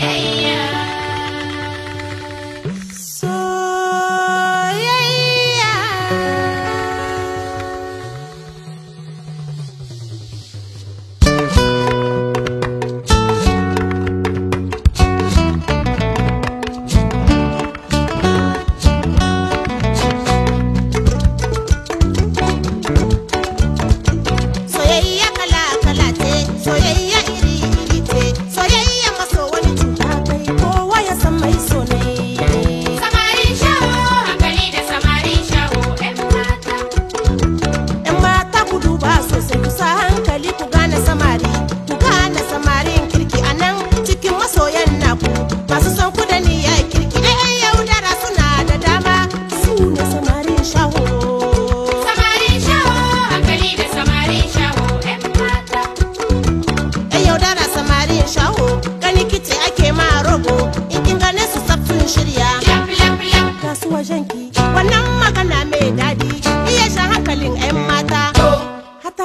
Hey.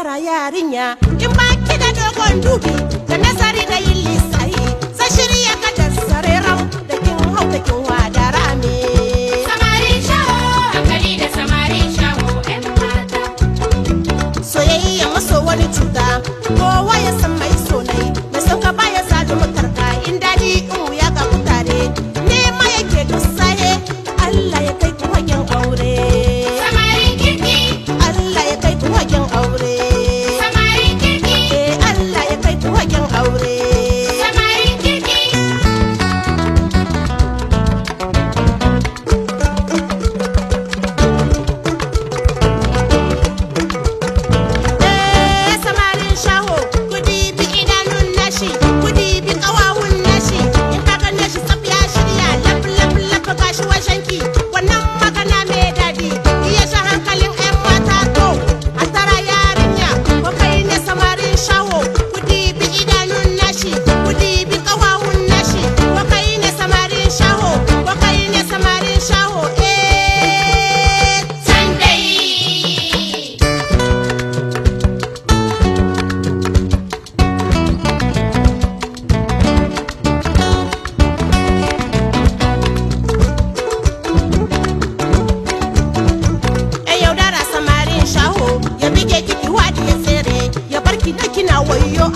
yara yarinya in ba ki da dogon dubi da nasari da yi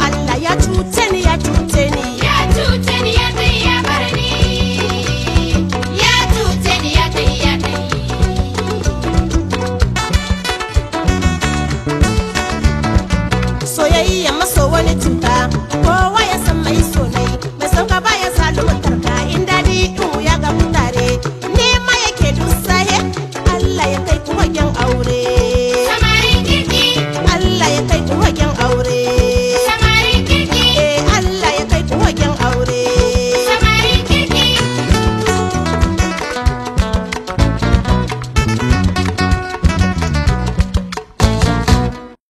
àlàyé tún tẹ̀.